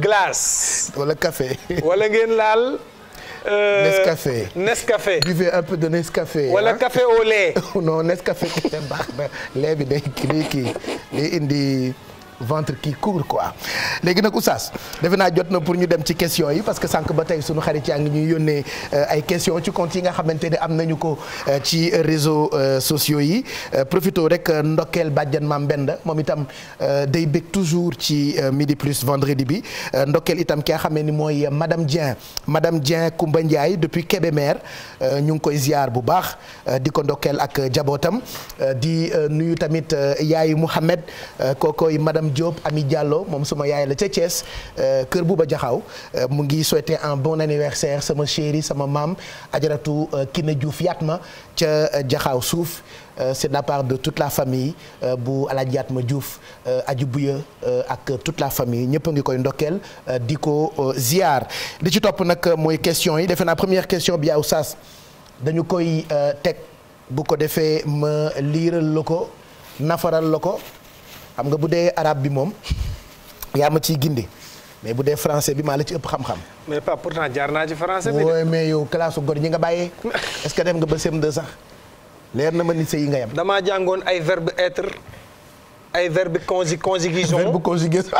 glace. wala café. wala ngeen laal. Euh, Nescafé. Nescafé. buvez un peu de Nescafé. wala ah. café au lait. non Nescafé baax na lait bi day kii day indi. ventre qui court quoi léegi nag oustaz defe naa jot na pour ñu dem ci question yi parce que sànq ba tey sunu xarit yaa ngi ñuy yónnee euh, ay question ci compte yi nga xamante ne am nañu ko euh, ci réseaux euh, sociaux yi profito rek ndokkeel bàjjan maam Benda moom itam day bég toujours ci midi plus vendredi bi ndokkeel itam ki nga xamee ni mooy madame Dieng madame Dieng Koumba Ndiaye depuis Kébémer ñu ngi koy ziar bu baax di ko ndokkeel ak jabootam di nuyu tamit yaayu Mouhamed kookooy madame Madame Diop Ami Diallo moom suma yaay la ca Thiès euh, kër Bouba Jaxaw euh, mu ngi souhaiter un bon anniversaire sama chéri sama maam na euh, Kiné Diouf ma ca Jaxaw suuf c'est de la part de toute la famille bu Alaaji ma Diouf aju buya ak tout la famille ñëpp a ngi koy ndokkeel di ko ziar li ci topp nag mooy question yi defe naa première question bi yaaw saas dañu koy teg bu ko defee ma liiral la ko nafaral la ko xam nga bu dee arabe bi moom yaa ma ciy gindi mais bu dee français bi maa la ci ëpp xam-xam. mais pas pourtant jaar naa ci français bi de. mais yow classe gor ñi nga bàyyee est-ce que dem nga ba CM2 sax leer na ma ni sa yi nga yem. damaa jàngoon ay verbe être ay verbe conju conjugaison verbe conjugaison.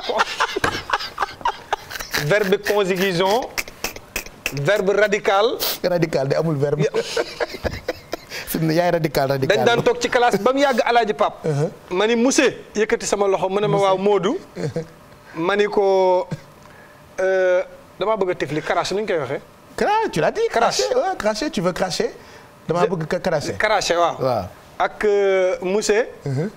verbe conjugaison. verbe radical. radical de amul verbe. fi mu ne yaay radical dañ daan toog ci classe ba mu yàgg alaaji Pape. Uh-huh. ma ni monsieur yëkkati sama loxo mu ne ma waaw Modou. Uh-huh. ma ni ko euh, damaa bëgg a tifli crache nu ñu koy waxee. crache tu l'as dit. crache waaw cracher tu veux cracher. damaa bëgg ka cracher. cracher waaw. Euh,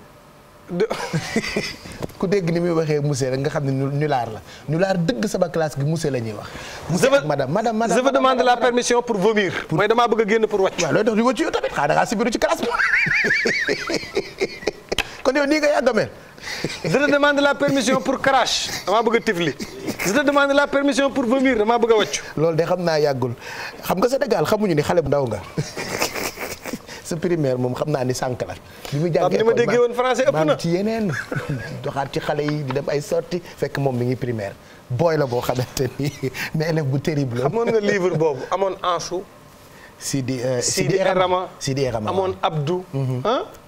ku dégg ni muy waxee monsieur rek nga xam ne ñu laar la ñu laar dëgg sama classe gi monsieur la ñuy wax. monsieur ak madame madame madame je vous demande la permission pour vomir. mooy damaa bëgg a génn pour wàcc. waaw loolu tax ñu wàcc yow tamit xanaa da ngaa sibiru ci classe bi kon yow nii nga yàgg a mel. je te demande la permission pour crash damaa bëgg a tifli je te demande la permission pour vomir damaa bëgg a wàcc. loolu de xam naa yàggul xam nga Sénégal xamuñu ni xale bu ndaw nga. sa primaire moom xam naa ni sànq la. bi mu jàngee ni ma déggee woon français ëpp na ci yeneen. doxaat ci xale yi di dem ay sorti fekk moom mi ngi primaire booy la boo xamante ni mais élève bu terrible. amoon nga livre boobu amoon Ansu. Euh, Sidi Sidi Rama Sidi Rama amoon Abdou. Mhm.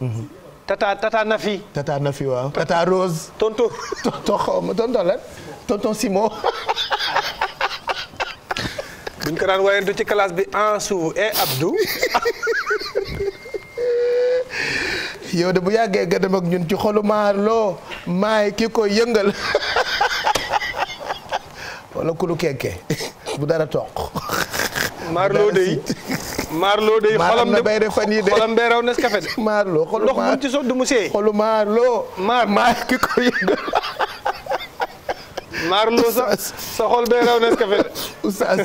Mhm. tata tata Nafi. tata Nafi waaw tata Rose. tonton tonton xaw ma tonton lan tonton Simon. buñ ko daan wayante ci classe bi Ansu et Abdou. yow de bu yàggee nga ñun ci xolu maarloo maay ki koy yëngal wala kulu kenke bu dara toq. maarloo dey maarloo dey xolam de bay def fan yi bee raw Nescafé de. maarloo xolu ndox mu maar maay ki koy yëngal. maarloo sa sa xol bee raw Nescafé de. oustaz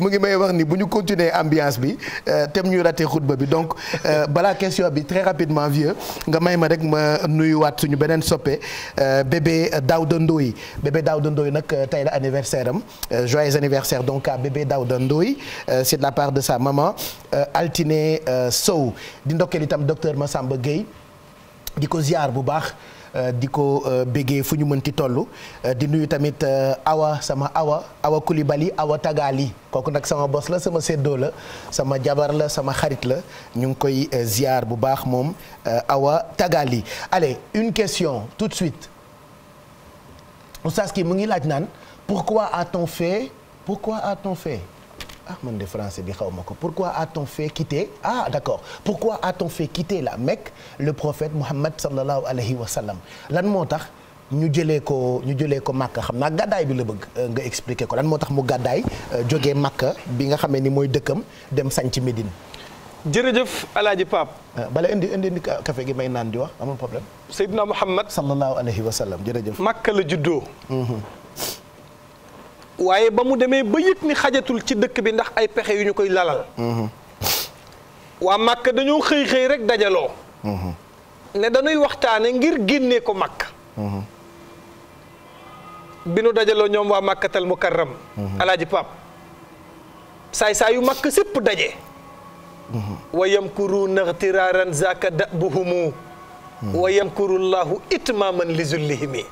mu ngi may wax ni bu ñu continuer ambiance bi euh, tem ñuy raté xutba bi donc euh, balaa question bi très rapidement Vieux nga may ma rek ma nuyuwaat suñu beneen soppe euh, bébé Daouda Ndoye bébé Daouda Ndoye nag tey la anniversaire am joyeux anniversaire donc à bébé Daouda Ndoye c'est de la part de sa maman Altine Sow di ndokkeel itam docteur Massamba Gueye di ko bu baax. Euh, di ko euh, bégee fu ñu mënti tollu euh, di nuyu tamit awa sama awa awa Kulibali awa Tagali kooku nag sama bos la sama séddoo la sama jabar la sama xarit la ñu ngi koy ziar bu baax moom awa Tagali allez une question tout de suite oustaz ki mu ngi laaj naan pour a-t-on fait pourquoi a t fait ah man français bi xaw ma ko pourquoi a-t-on fait quitter ah d'accord pourquoi a-t-on fait quitter la Mecque le prophète Muhammad sallallahu alayhi wa lan moo tax ñu jëlee ko ñu jëlee ko Makka xam naa gàddaay bi la bëgg euh, nga expliquer ko lan moo tax mu gàddaay euh, jógee Makka bi nga xamee ni mooy dëkkam dem sanc Médine. jërëjëf alaaji Pape. Euh, bala indi indi indi café gi may naan di wax amul problème. Seydina Muhammad sallallahu alayhi wa sallam jërëjëf. Makka la juddoo. Mhm. waaye ba mu demee ba yëg ni xajatul ci dëkk bi ndax ay pexe yu ñu koy lalal mm-hmm. waa Màkka dañoo xëy xëy rek dajaloo mm-hmm. ne dañuy waxtaane ngir génnee ko Màkka mm-hmm. bi nu dajaloo ñoom waa Màkkatal Mukarram alaaji Paap saay saay yu Màkka sépp daje wa yamkuruuna ixtiraaran zaaka da bu humu wa yamkurullahu itmaaman li mi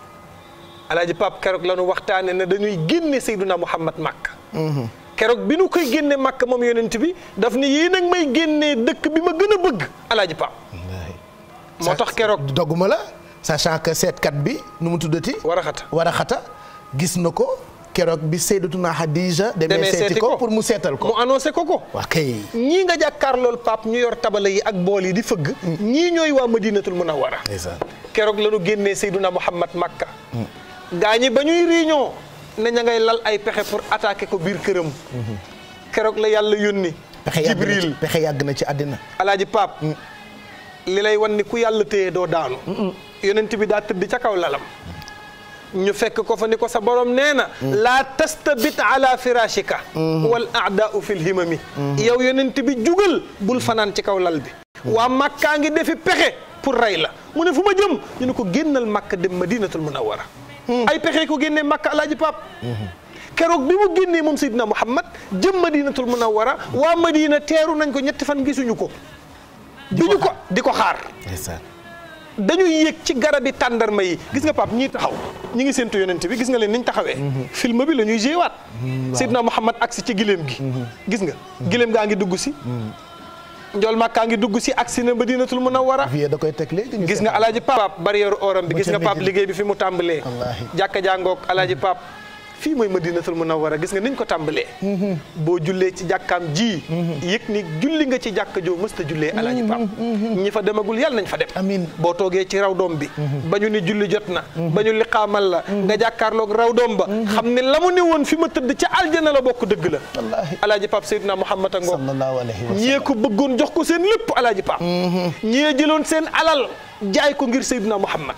alaaji Pape keroog lanu nu waxtaane ne dañuy génne Seyduna Muhammad Makka mhm. keroog bi nu koy génne Makka moom yonent bi daf ni yéen nag may génnee dëkk bi ma gën a bëgg alaaji Pape moo tax keroog dogguma la sachant que seetkat bi nu mu tuddati waraxata waraxata gis na ko keroog bi Seydatuna Xadija demee seeti ko pour mu seetal ko mu annoncé ko ko waa kay ñii nga jàkkaar lool Pape ñu yor tabala yi ak bool yi di fëgg mm. ñii ñooy waa Madinatul Munawwara keroog la nu génnee Seyduna Muhammad Makka mm. gaa ñi ba ñuy réunion ne ña ngay lal ay pexe pour attaquer ko biir këram. keroog la yàlla yónni. jibril pexe yàgg na ci àddina. alaaji paap mm. li lay wan ni ku yàlla téye doo daanu. Mm, mm. yonent bi daa tëdd ca kaw lalam. ñu fekk ko fa ni ko sa borom nee na. laa tastabit ala firashika mm-hmm. wal aadaau fil himami. Mm-hmm. yow yonent bi jugal bul fanaan ci kaw lal bi. Mm-hmm. waa Makka ngi defi pexe pour rey la mu ne fu ma jëm ñu ne ko génnal Makka dem Madinatul Munawwara ay pexe ko génnee Makka alaaji Paap keroog bi mu génnee moom Seydina Muhammad jëm Madinatul Munawwara waa Madina teeru nañ ko ñetti fan gisuñu ko duñu ko di ko xaar dañuy yëg ci garabi tàndarma yi gis nga Pape ñii taxaw ñi ngi séentu yonent bi gis nga leen niñ taxawee mhm. film bi la ñuy jéewaat mhm, Seydina Muhammad agsi ci giléem gi mhm. gis nga giléem gaa ngi dugg si njool màkkaa ngi dugg si agsi na Madinatul Munawwara da koy teg léegi gis nga alaaji Paap barrière ooram bi gis nga Paap liggéey bi fi mu tàmbalee jàkka jàngoog alaaji Paap fii mooy madinatul munawwara gis nga niñ ko tàmbalee mm-hmm. boo jullee ci jàkkaam ji mm-hmm. yëg ni julli nga ci jàkk joo mësta jullee alaaji pam mm-hmm. ñi fa demagul yàlla nañ fa dem amiin boo toogee ci raw doom bi ba ñu ni julli jot na ba ñu liqaamal la nga jàkkaarlook raw doom ba xam ne la mu ne woon fi ma tëdd ca aljana la bokk dëgg la alaaji pap sayyidina muhammad a ngoo ñee ko bëggoon jox ko seen lépp alaaji pap ñee jëloon seen alal jaay ko ngir sayyidina muhammad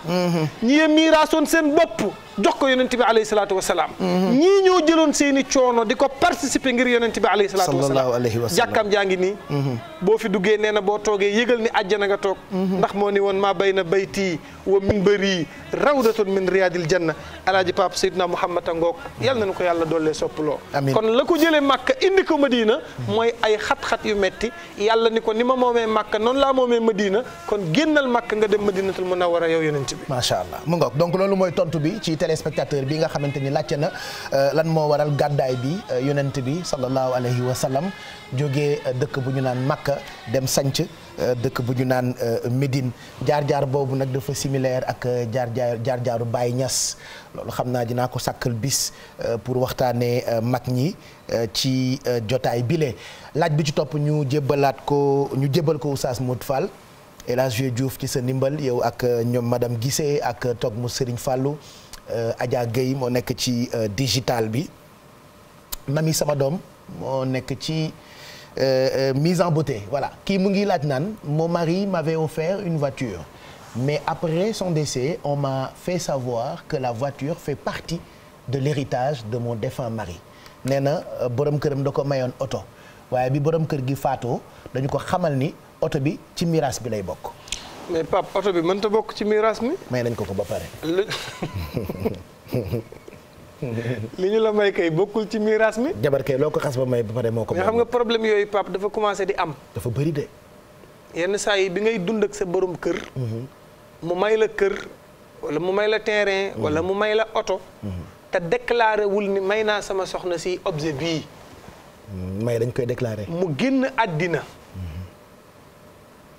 ñee miiraasoon seen bopp jox ko yonent bi alayhi salaatu wa salaam. ñii ñoo jëloon seen i coono di ko participer ngir yonent bi alayhi salaatu wa salaam. jàkkaam jaa ngi nii. Mhm. boo fi duggee nee na boo toogee yëgal ni àjjana nga toog. Mhm. ndax moo ni woon maa bay na bayti wa minbari rawdatun min riyaadil janna alaaji Pape Seydina a Ngoog yal na nu ko yàlla dollee soppaloo. kon la ko jële Makka indi ko ma Madina. Mhm. mooy ay xat-xat yu metti yàlla ni ko ni ma moomee Makka noonu laa moomee Madina kon génnal Makka nga dem Madinatul Munawwara yow yonent bi. macha allah mu ngoog donc loolu mooy tontu bi ci téléspectateur bi nga xamante ni laajte na euh, lan moo waral gàddaay bi euh, yonent bi sallallahu alayhi wa sallam jógee euh, dëkk bu ñu naan Makka dem sanc dëkk bu ñu naan Médine jaar-jaar boobu nag dafa similaire ak jaar-jaar jaar-jaaru baay ñas loolu xam naa dinaa ko sàkkal bis pour waxtaanee mag ñi ci jotaay bile laaj bi ci topp ñu jébbalaat ko ñu jébbal ko Oustaz Modou Fall El Hadj Diouf ci sa ndimbal yow ak ñoom madame gisee ak toog mu Serigne Fallou. Euh, Adja Gueye moo nekk ci euh, digital bi Nami sama doom moo nekk ci euh, mise en beauté voilà kii mu ngi laaj naan mon mari m'avait offert une voiture mais après son décès on m'a fait savoir que la voiture fait partie de l'héritage de mon défunt mari nee na borom këram da ko mayoon oto waaye bi borom kër gi faatoo dañu ko xamal ni oto bi ci miraas bi lay bokk mais Pape oto bi mënta bokk ci miiras mi. may nañ ko ko ba pare. li ñu la may kay bokkul ci miiras mi. jabar kay loo ko xas ba may ba pare moo ko. mais xam nga problème yooyu Pape dafa commencé di am. dafa bëri de. yenn saa yi bi ngay dund ak sa borom kër. Mhm. mu may la kër walla mu may la terrain. Mhm. wala mu may la oto. Mhm. te déclaré ni may naa sama soxna si objet bii. may dañ koy déclaré. mu génn àddina.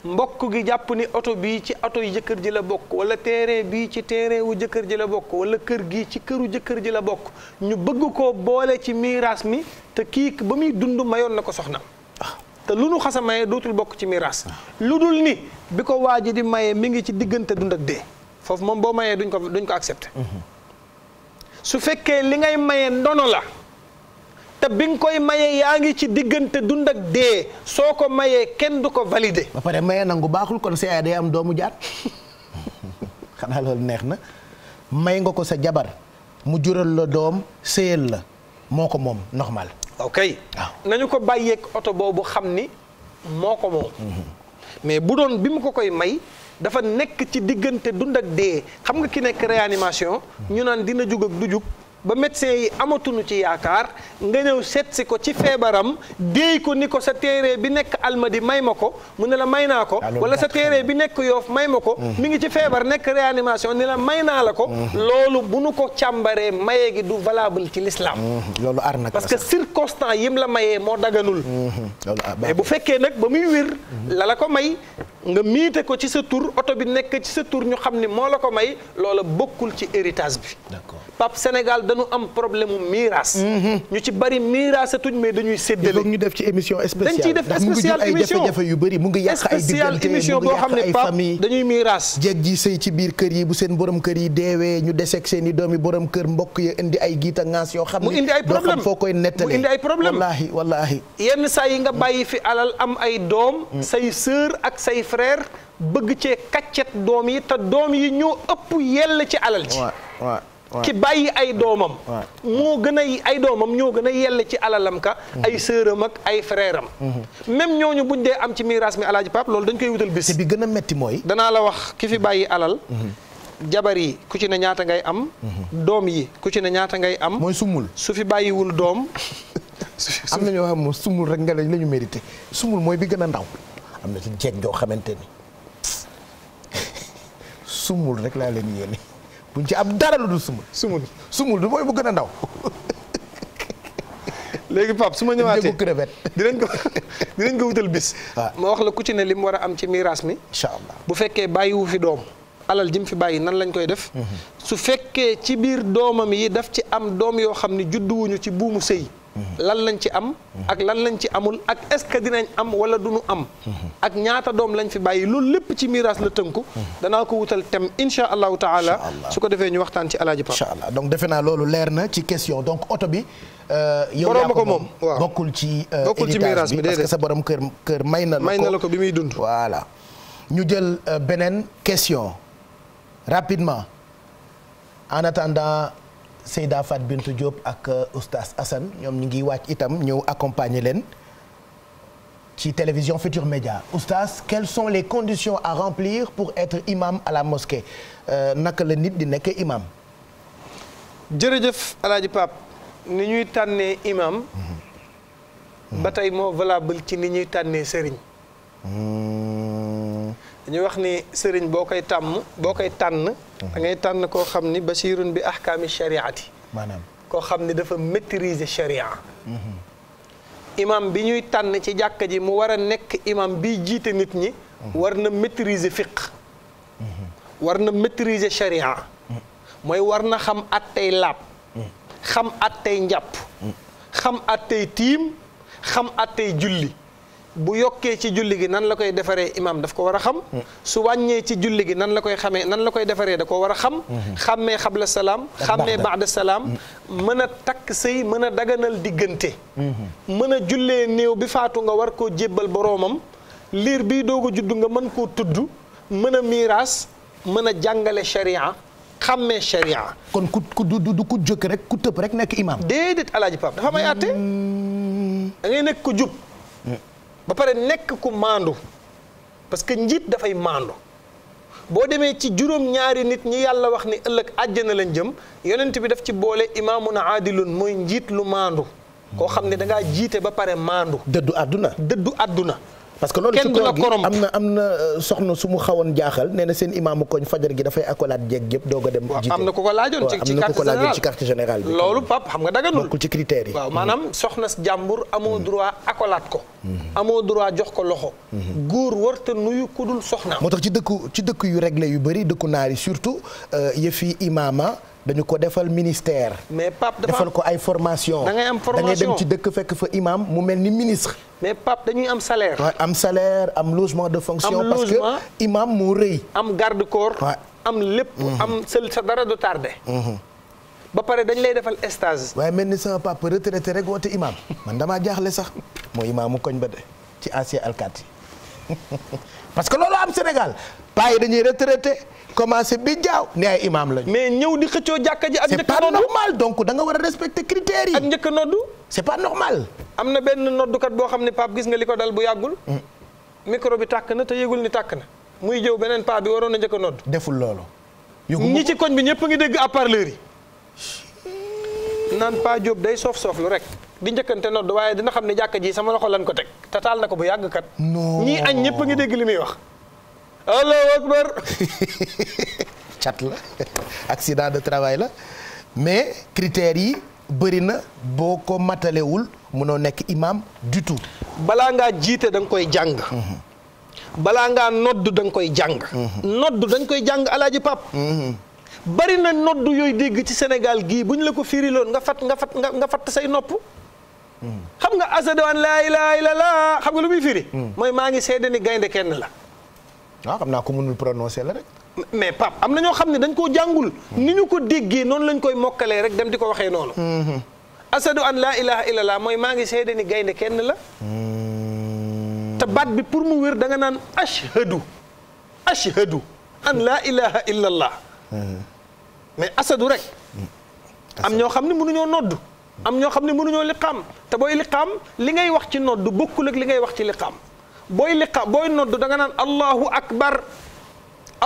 mbokk gi jàpp ni oto bii ci oto yi jëkkër ji la bokk wala terrain bii ci téerewu jëkkër ji la bokk wala kër gi ci këru jëkkër ji la bokk ñu bëgg ko boole ci miiras mi te kii ba muy dund mayoon na ko soxna te lu nu xasa maye dootul bokk ci miiras lu dul ni bi ko waa di mayee mi ngi ci diggante dund ak dee foofu moom boo mayee duñ ko duñ ko accepté mhm. su fekkee li ngay mayee ndono la te bi nga koy mayee yaa ngi ci diggante dund ak dee soo ko mayee kenn du ko validé. ba pare maye nangu baaxul kon si ay day am doomu jaat xanaa loolu neex na may nga ko sa jabar mu jural la doom séyal la moo ko moom normal. ok nañu ko bàyyeek oto boobu xam ni moo ko moom. Mhm. mais bu doon bi mu ko koy may dafa nekk ci diggante dund ak dee xam nga ki nekk réanimation. ñu naan dina jug ak du jug. ba médecin yi amatuñu ci yaakaar nga ñëw seet si ko ci feebaram déey ko ni ko sa téere bi nekk almadi may ma ko mu ne la may naa ko wala sa téere bi nekk yoof may ma ko mu mm. ngi ci feebar nekk réanimation ni la may naa la ko mm. loolu bu nu ko càmbaree maye gi du valable ci l'islam mm. loolu arnaque parce que circonstance yim la mayee moo daganul mais bu fekkee nag ba muy wér la la ko may nga miite ko ci sa tur oto bi nekk ci sa tur ñu xam ni moo la ko may loola bokkul ci héritage bi dañu am problème mu miiras. Mhm. ñu ci bari miirasatuñ mais dañuy séddale. ñu def ci émission spéciale dañ ciy def spécial émission ay jafe-jafe yu bari mu ngi yàq ay diggante mu ngi yàq ay famille dañuy miiras. jeeg ji sëy ci biir kër yi bu seen borom kër yi deewee ñu deseeg seen i doomi borom kër mbokk ya indi ay giita ngaas yoo xam ne. mu indi ay problème foo koy nettali mu indi ay problème wallaahi wallaahi. yenn saa yi nga bàyyi fi alal am ay doom. Mm. say sœur ak say frère bëgg cee kaccet doom yi te doom yi ñoo ëpp yell ci alal ci waaw ki bàyyi ay doomam moo gën a ay doomam ñoo gën a yelle ci alalam ka mhm. ay sëram ak ay frère am mhm. même ñu buñ dee am ci miiras mi alaaji Pape loolu dañ koy wutal bis bi gën a metti mooy danaa la wax ki fi bàyyi alal mhm. jabar yi ku ci ne ñaata ngay am doom yi ku ci ne ñaata ngay am mooy sumul su fi bàyyiwul doom am na ñoo xam sumul rek nga la ñu mérité sumul mooy bi gën a ndaw am na ci jeeg joo xamante ni sumul rek laa leen yéene buñ ci ab dara lu dul sumul. sumul sumul du mooy bu gën a ndaw. léegi Pape su ma ñëwaatee dinañ ko dinañ ko wutal bis. Ah. ma wax la ku ne li mu war a am ci miiras mi. incha allah bu fekkee bàyyiwu fi doom. alal jim fi bàyyi nan lañ koy def. Mhm. su fekkee ci biir doomam yi daf ci am doom yoo xam ni judduwuñu ci buumu sëy. lan lañ ci am ak lan lañ ci amul ak est-ce que dinañ am wala duñu am ak ñaata doom lañ fi bàyyi loolu lépp ci miiras la tënku danaa ko wutal thème insha allahu taala su ko defee ñu waxtaan ci alaaji Pap insha allah donc defe loolu leer na ci question donc oto bi euh, yow yaa ko moom waaw bokkul ci euh, bokkul ci miiras bi sa borom kër kër may na la ko may na la ko bi muy dund waala ñu jël euh, beneen question rapidement en attendant Seyda Fat Bintou Diop ak euh, Oustaz Assane ñoom ñu ngi wàcc itam ñëw accompagner leen ci télévision Futur Média Oustaz quelles sont les conditions à remplir pour être imam à la mosquée euh, naka la nit di nekk imam. jërëjëf Alaaji Pape ni ñuy tànnee imam. Mhm. ba tey moo valable ci ni ñuy tànnee sëriñ. Mhm. dañuy wax ni sëriñ boo koy tàmm boo koy tànn. da ngay tànn koo xam ni basirun bi ahkaami shariati maanaam koo xam ni dafa maîtriser sharia mhm. imam bi ñuy tànn ci jàkka ji mu war a nekk imam biy jiite nit ñi mhm. war na maîtriser fiq mhm. war na maîtriser sharia mooy war na xam at attey laab xam attey njàpp xam attey tiim xam attey julli bu yokkee ci julli gi nan la koy defaree imaam daf ko war a xam mm. su wàññee ci julli gi nan la koy xamee nan la koy defaree da ko war a xam mm-hmm. xàmmee xabla salaam xàmmee baada salaam mm. mën a takk sëy mën a daganal diggante mm-hmm. mën a jullee néew bi faatu nga war koo jébbal boroomam liir bi doog a juddu nga mën koo tudd mën a miiraas mën a jàngale sharia xàmmee sharia kon ku ku du ku jëkk rek ku tëb rek nekk imaam déedéet alaaji Pape dafa may àtte mm. da nekk ko jub ba pare nekk ku maandu parce que njiit dafay maandu boo demee ci juróom-ñaari nit ñi yàlla wax ni ëllëg àjjana lañ jëm yonent bi daf ci boole na aadilun mooy njiit lu maandu. koo xam ne da ngaa jiite ba pare maandu. dëddu àdduna dëddu àdduna. parce que loolu kenn du la korom am na am na euh, soxna su mu xawoon jaaxal nee na seen imaamu koñ fajar gi dafay accolade jeeg yëpp doog a dem jiite am na ku ko laajoon ci carte générale bi loolu pap xam nga daganul bokkul ci critères yi waaw maanaam mm-hmm. soxna jàmbur amoo mm-hmm. droit accolade ko mm-hmm. amoo droit jox ko loxo góor warta nuyu ku dul soxna moo tax ci dëkku ci dëkk yu réglé yu bëri dëkku naar yi surtout euh, yëfi imaama dañu ko defal ministère mais pap defal ko ay formation da ngay am formation da ngay dem ci dëkk fekk fa imam mu mel ni ministre mais Pape dañuy am salaire. am salaire am logement de fonction. am parce que imam moo rëy. am garde corps. am lépp. Mhm. am sa dara du tardé. Mhm. ba pare dañ lay defal stage. waaye mel ni sama papa retraité rek woote imam man damaa jaaxle sax mooy imaamu koñ ba de ci ancien alkaati parce que loolu am Sénégal paa yi dañuy retraité commencé bi jaaw ne ay imaam lañu. mais ñëw di xëccoo jàkka ji ak. njëkk donc da nga war a respecter critères yi. ak njëkk noddu. c'est pas normal. am na benn noddukat boo xam ne Pape gis nga li ko dal bu yàggul. Mm. micro bi tàkk na te yëgul ni tàkk na. muy jëw beneen paa bi waroon na njëkk a nodd. deful loolu. ñi ci koñ bi ñëpp a ngi dégg haut-parleur yi. naan Paa Diop day soof sooflu rek. di njëkkante nodd waaye dina xam ne jàkka ji sama loxo lan ko teg te taal na ko bu yàgg kat. non ñii añ ñëpp a ngi dégg li muy wax. allahu akbar. cat la accident de travail la mais critères yi bëri na boo ko matalewul. mënoo nekk imam du tout. balaa ngaa jiite danga koy jàng. Mhm. balaa ngaa noddu danga koy jàng. Mhm. noddu dañ koy jàng alaaji pap mhm. bari na noddu yooyu dégg ci Sénégal gii bu ñu la ko firiloon nga fat nga fat nga fat say nopp. xam nga asadu an laa ilaaha illallaah xam nga lu muy firi. mooy maa ngi seede ni gaynde kenn la. waaw ah, xam naa ko mënul prononcer la rek. mais Pape am na ñoo xam ne dañ koo jàngul. ni ñu ko déggee noonu lañ koy mokkalee rek dem di ko waxee noonu. asadu an laa ilaha illallah mooy maa ngi seede ni gaynde kenn la te baat bi pour mu wér danga naan ashhadu ashhadu an laa ilaha illallah mais asadu rek am ñoo xam ne mënuñoo nodd am ñoo xam ne mënuñoo liqaam te booy liqaam li ngay wax ci nodd bokkul ak li ngay wax ci liqaam booy liqaam booy nodd da nga naan allahu akbar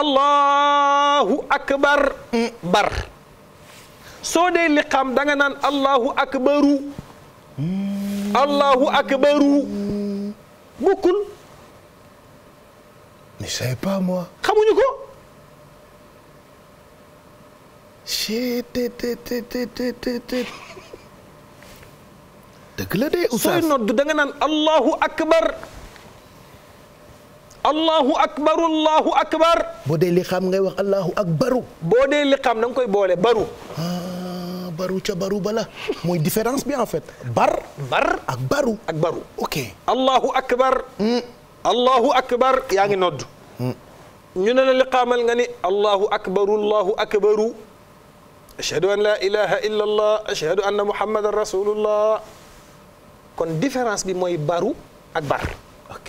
allahu akbar bar soo dee liqaam danga nga naan allahu akbaru allahu akbaru bokkul mais je savais pas moi xamuñu ko dëgg la de Oustaz sooy nodd da nga naan allahu akbar allahu akbar allahu akbar boo dee liqaam ngay wax allahu akbaru boo dee liqaam da koy boole baru ah. baru ca mooy différence bi en fait bar. bar ak baru. ak baru ak allahu akbar. Hmm. ak akbar yaa ngi nodd. Hmm. ñu ne la li qaamal nga ni allahu akbaru allahu akbaru. ashhadu an laa allah ashhadu anna muhammadan rasulullah différence bi mooy baru ak bar. ok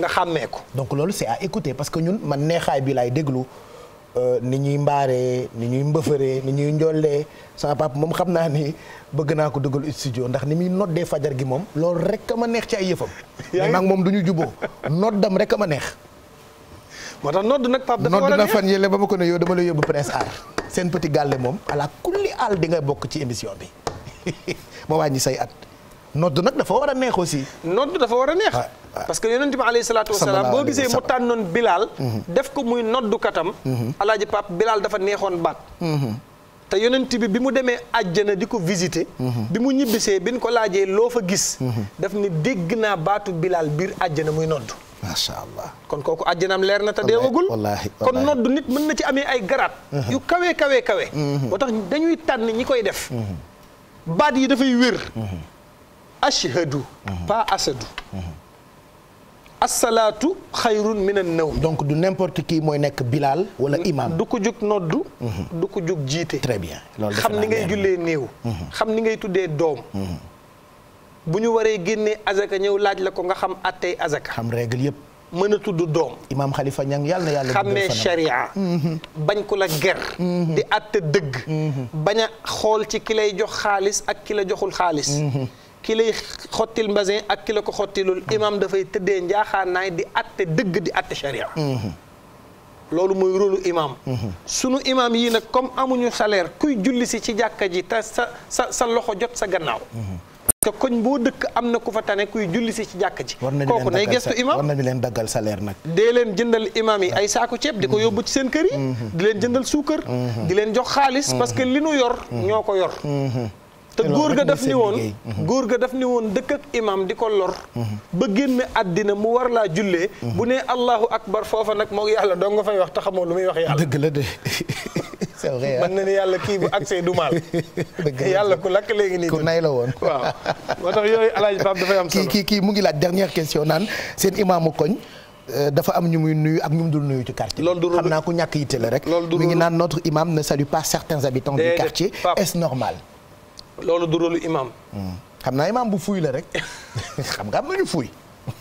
nga xàmmee ko. donc loolu c'est à écouter parce que ñun man neexaay bilay laay déglu. Euh, ni ñuy mbaaree ni ñuy mbëfëree ni ñuy njollee sama papa moom xam naa ni bëgg naa ko dugal studio ndax ni muy noddee fajar gi moom loolu rek a ma neex ci ay yëfam mais nag moom du ñu juboo noddam rek a ma neex moo tax nodd nag pap dafa war a neex nodd na ba ma ko ne yow dama lay yóbbu Prince Art seen petit gàlle moom ala kulli àll di nga bokk ci émission bi wàññi say at nodd nag dafa war a neex aussi nodd dafa war a neex parce que yonent bi alayhi salaatu wasalaam boo gisee mu tànnoon bilaal mhm. def ko muy noddu katam. Mhm. alaaji Pape Bilal dafa neexoon baat. Mhm. te yonent bi bi mu demee àjjana di ko visité. bi mu ñibbisee bi ñu ko laajee loo fa gis. daf ni dégg naa baatu bilaal biir àjjana muy noddu. macha kon kooku àjjanaam leer na te deewagul wallaahi kon noddu nit mën na ci amee ay garaat. yu kawe kawe kawe. moo tax dañuy tànn ñi koy def. baat yi dafay wér. ashhadu pas asadu. asalaatu xayrun min an nawm donc du n'importe kii mooy nekk bilaal wala imam du ko jug noddu mhm. du ko jug jiite très bien loolu xam ni ngay jullee néew mhm. xam ni ngay tuddee doom mhm. bu ñu waree génnee azaka ñëw laaj la ko nga xam attey azaka xam règle yëpp mën a tudd doom imaam Khalifa Niang yàlla na yàlla xamee sharia bañ ko la ger di àtte dëgg bañ a xool ci ki lay jox xaalis ak ki la joxul xaalis ki xottil mbasin ak ki ko xottilul imam dafay tëddee njaaxaanaay di atte dëgg di atte sharia mhm. loolu mooy rôlu imam mhm. sunu imam yii nag comme amuñu salaire kuy julli si ci jàkka ji te sa sa sa loxo jot sa gannaaw parce mhm. que koñ boo dëkk am na ku fa tane kuy julli si ci jàkka ji ko nay gestu imam war nañu leen daggal salaire nag dee leen jëndal imam yi ay saaku ceeb di ko yóbbu ci seen kër yi di leen jëndal suukar di leen jox xaalis parce li nu yor ñoo ko yor te góor ga daf ni woon mhm. góor ga daf ni woon dëkk ak imam di ko lor mhm. ba génn àddina mu war laa jullee mhm. bu nee allahu akbar foofa nag moo yàlla doo nga fay wax te xamoo lu muy wax yàlla dëgg la de c'est ah. na ni yàlla kii bu accès du mal yàlla ku lakk léegi nii ku nay la woon waaw moo tax yooyu alaaj baab dafay am kii kii mu ngi laaj dernière question naan seen imaamu koñ euh, dafa am ñu muy nuyu ak ñu mu dul nuyu ci quartier loolu du xam naa ku ñàkk yitte la rek mi ngi naan notre imam ne salue pas certains loolu du rôle imam. Hmm. xam naa imam bu fuuy la rek xam nga am nañu fuuy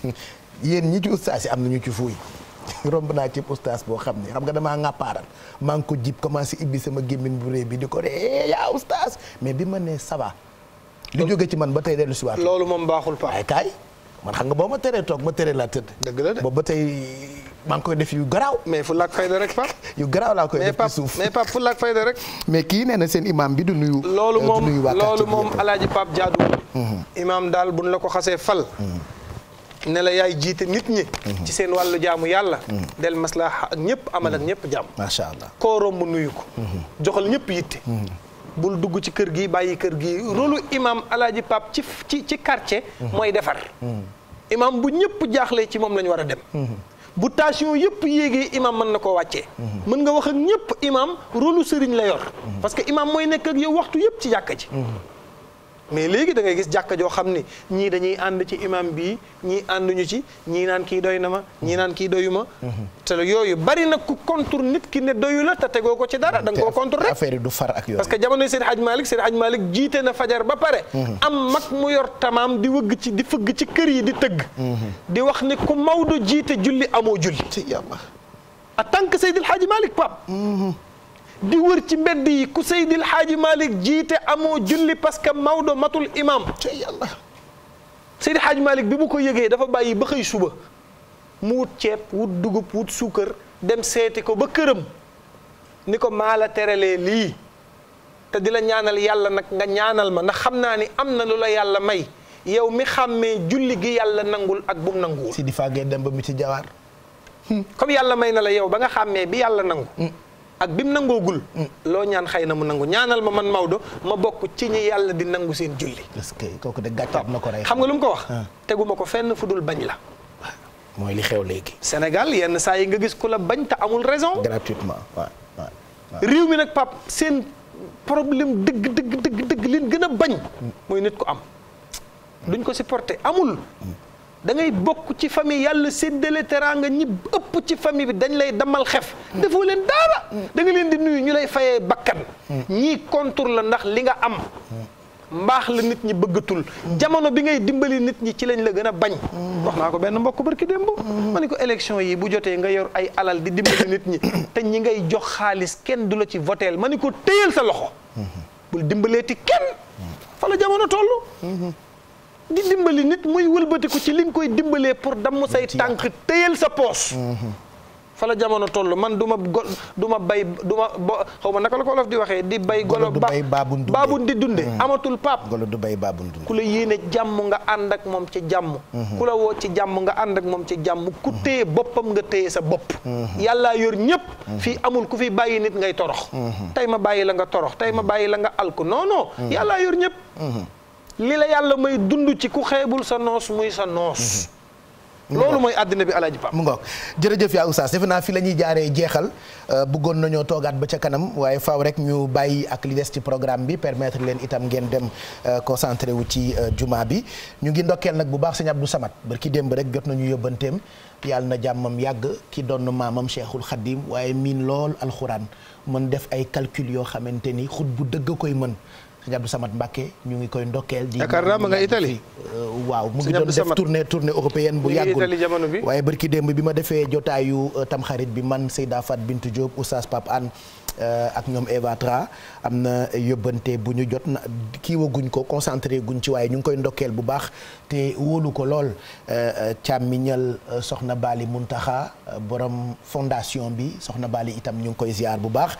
yéen ñi ci ustaas yi am nañu ci fuuy romb naa ci ustaas boo xam ne xam nga damaa ŋàppaaral maa ngi ko jib commencé ibbi sama gémmiñ bu rëy bi di ko ree eh, yaa ustaas mais bi mën nee saba va. lu jóge ci man ba tey dellu si loolu moom baaxul pa ay kaay. man xam nga boo ma teree toog ma teree laa tëdd. dëgg la de boobu ba tey maa ngi koy def yu garaaw. mais fu laak fayda rek pap yu garaaw laa koy def ci suuf mais fu laak fayda rek. mais kii nee na seen imam bi du nuyu. loolu euh, moom loolu moom alaaji pap jaadu. Mhm. imam daal buñ la ko xasee fal. Mhm. ne la yaay jiite nit ñi. Mhm. ci seen wàllu jaamu yàlla. del maslaa ak ñëpp amal ak ñëpp jàmm. macha allah koo romb nuyu ko. joxal ñëpp yitte. bul dugg ci kër gi bàyyi kër gi rôlu imam alaaji pap ci ci ci quartier mhm. mooy defar mhm. imam bu ñëpp jaaxle ci moom la ñu war a dem mhm. bu tension yëpp yéegee imam mën na ko wàccee mën nga wax ak ñëpp imam rôlu sëriñ la yor parce que imam mooy nekk ak yow waxtu yëpp ci jàkka ji mais léegi da ngay gis jàkka joo xam ni ñii dañuy ànd ci imam bii ñii ànduñu ci ñii naan kii doy na ma ñii naan kii doyu ma mhm. te yooyu bari na ku contre nit ki ne doyu la te tegoo ko ci dara da nga koo contre rek affaire du far ak yooyu parce que jamono Seydi Hadj Malick Seydi Hadj Malick jiite na fajar ba pare mhm. am mag mu yor tamaam di wëgg ci di fëgg ci kër yi di tëgg mhm. di wax ni ku Maodo jiite julli amoo julli en tant que Seydil Hadj Malick Pape di wër ci mbedd yi ku Seydil Xaaji malik jiite amoo julli parce que Maodo matul imam te yàlla Xaaji Malick bi mu ko yëgee dafa bàyyi ba xëy suba mu wut ceeb wut dugub wut suukar dem seeti ko ba këram ni ko maa la teralee lii te di la ñaanal yàlla nag nga ñaanal ma ndax xam naa ni am na lu la yàlla may yow mi xàmmee julli gi yàlla nangul ak bum nanguwul. si di fàggee dem ba mu ci jawaar. Hmm. comme yàlla may na la yow ba nga xàmmee bi yàlla nangu. Hmm. ak bi mu nangoogul mm. loo ñaan xëy na mu nangu ñaanal ma man Maodo ma bokk ci ñi yàlla di nangu seen julli est que kooku de gàccaat na ko rey xam nga lu mu ko wax ah. teguma ko fenn fu dul bañ la ah, mooy li xew léegi Sénégal yenn saa yi nga gis ku la bañ te amul raison gratuitement waaw waaw réew mi nag pap seen problème dëgg dëgg dëgg dëgg leen gën a bañ mm. mooy nit ko am duñ ko supporter amul mm. da ngay bokk ci famille yàlla séddale teraanga ñi ëpp ci famille bi dañ lay damal xef defoo leen daara da nga leen di nuyu ñu lay fayee bakkan ñii contour la ndax li nga am mbaax la nit ñi bëggatul jamono bi ngay dimbali nit ñi ci lañ la gën a bañ wax naa ko benn mbokk barki démb ma ne ko élection yi bu jotee nga yor ay alal di dimbali nit ñi te ñi ngay jox xaalis kenn du la ci votel ma ni ko téyal sa loxo bul dimbaleeti kenn fa la jamono toll di dimbali nit muy wëlbatiku ci li nga koy dimbalee pour damm say tànk téyal sa poos mhm. fa la jamono toll man du ma go du ma bay du ma bo xaw ma naka la ko di waxee di bay golo baabun di dunde mhm. amatul paap golo du bay baabun dunde ku la yéene jàmm nga ànd ak moom ci jàmm mhm. ku la woo ci jàmm nga ànd ak moom ci jàmm ku téye boppam nga téye sa bopp yàlla yor ñépp fii amul ku fi bàyyi nit ngay torox tey ma bàyyi la nga torox tey ma bàyyi la nga alku noonoo yàlla yor ñépp li la yàlla mooy dund ci ku xeebul sa noos muy sa noos. Mhm. loolu mooy àddina bi alaaji Pape mu ngoog jërëjëf yaa oustaz defe naa fi la ñuy jaaree jeexal euh, bëggoon nañoo toogaat ba ca kanam waaye faaw rek ñu bàyyi ak li des ci programme bi permettre leen itam ngeen dem euh, concentré wu ci euh, jumaa bi ñu ngi ndokkeel nag bu baax sëñ samat Samad ki démb rek jot nañu yóbbanteem yàlla na jàmmam yàgg ki doon maamam Cheikhul Khadim waaye miin lool alxuraan mën def ay calcul yoo xamante ni xut bu dëgg koy mën sëñ Abdou Samad Mbacké ñu ngi koy ndokkeel di yaakaar naa ma nga Italie euh, waaw mu ngi doon def tournée tournée européenne bu yàggul jamono bi waaye barki démb bi ma defee jotaayu euh, tamxarit bi man daa Fat Bintou Diop Oustaz pap an euh, ak ñoom Eva Tra am na yóbbante bu ñu jot na kiiwaguñ ko concentré guñ ci waaye ñu ngi koy ndokkeel bu baax te wóolu ko lool euh, euh, càmmiñal euh, soxna baali Muntaxa borom fondation bi soxna baali itam ñu ngi koy ziar bu baax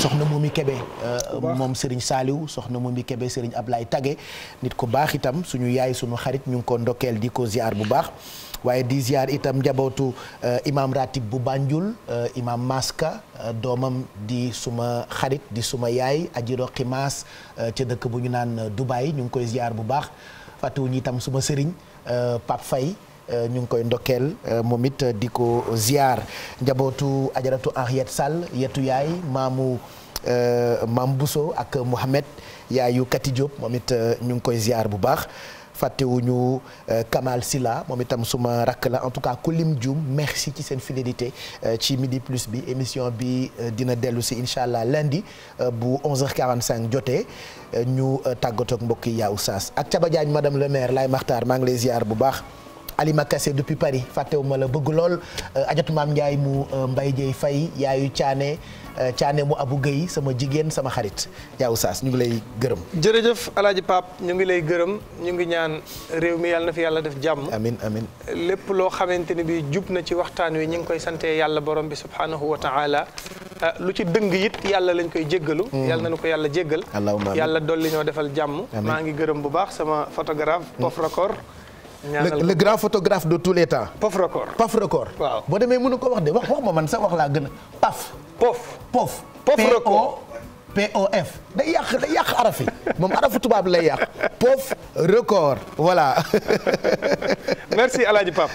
soxna Momi Kebe moom Serigne Saliou soxna Momi Kebe ab Ablaye Tage nit ku baax itam suñu yaay suñu xarit ñu ngi ko ndokkeel di ko ziar bu baax waaye di ziar itam njabootu imam ratib bu Banjul imam Maska doomam di suma xarit di suma yaay aji roqi maas ca dëkk bu ñu naan Dubaay ñu ngi koy ziar bu baax fàttewuñu itam suma sëriñ euh, Pape Faye euh, ñu ngi koy ndokkeel euh, moom it di ko ziar njabootu ajaratu Henriette Sall yetu yaay maamu maam Bousso ak Mouhamed yaayu Kati Diop moom it ñu ngi koy ziar bu baax fàttewuñu euh, Kamal Silla moom itam suma rakk la en tout cas Kulim Dioum merci ci seen fidélité euh, ci midi plus bi émission bi euh, dina dellu si incha allah lundi bu 11h45 jotee ñu tàggatoo ak mbokk yi yaa Oustaz ak Thiaba Diagne madame le maire Laye Makhtar maa ngi lay ziar bu baax. Alima Kassé depuis Paris fàttewuma la bëgg lool euh, ajatu maam Ndiaye mu euh, mbay Dieye fay yaayu caane euh, Thiané mu abu Gueye sama jigéen sama xarit yaa Oustaz ñu ngi lay gërëm. jërëjëf Alaaji Pape ñu ngi lay gërëm ñu ngi ñaan réew mi yàlla na fi yàlla def jàmm. amin amin lépp loo xamante ni bi jub na ci waxtaan wi ñu ngi koy sante yàlla borom bi subhanahu wa taala lu ci dëng it yàlla lañ koy jéggalu. Mm. yàlla nañu ko yàlla jéggal. yàlla dolli ñoo defal jàmm. maa ngi gërëm bu baax sama photographe. Mm. Pof Record. le grand photographe de tous les temps. Paf record Paf record. waaw boo demee mënu ko wax de wax wax ma man sa wax laa gën a paf. pof pof. pof record P O day yàq day yàq araf moom arafu tubaab lay yàq poof record voilà. merci El Hadj Pape.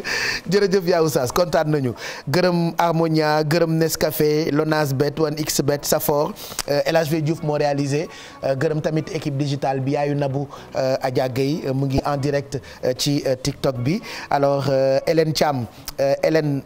jërëjëf yaa Oustaz kontaan nañu gërëm Harmonia gërëm Nescafé Lonas Bet 1xBet Safor euh, El Hadj Diouf moo réalisé euh, gërëm tamit équipe digitale bi yaayu Nabu euh, Adja Gueye mu ngi en direct ci TikTok bi alors Hélène Thiam Hélène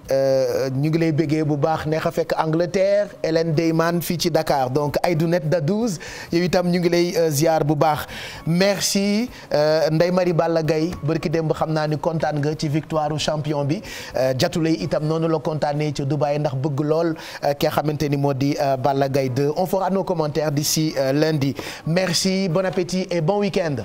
ñu ngi lay béggee bu baax neex a fekk Angleterre Hélène Deyman fii ci Dakar donc Aïdou Net 12 yow itam ñu ngi lay euh, ziar bu baax merci euh, Ndeye Marie Balla Gaye barki démb xam naa ni kontaan nga ci victoire champion bi euh, jatulay itam noonu la kontaanee ci Dubaï ndax bëgg lool ki xamante ni moo di Balla Gaye 2 on fera nos di d'ici lundi merci bon appétit et bon week-end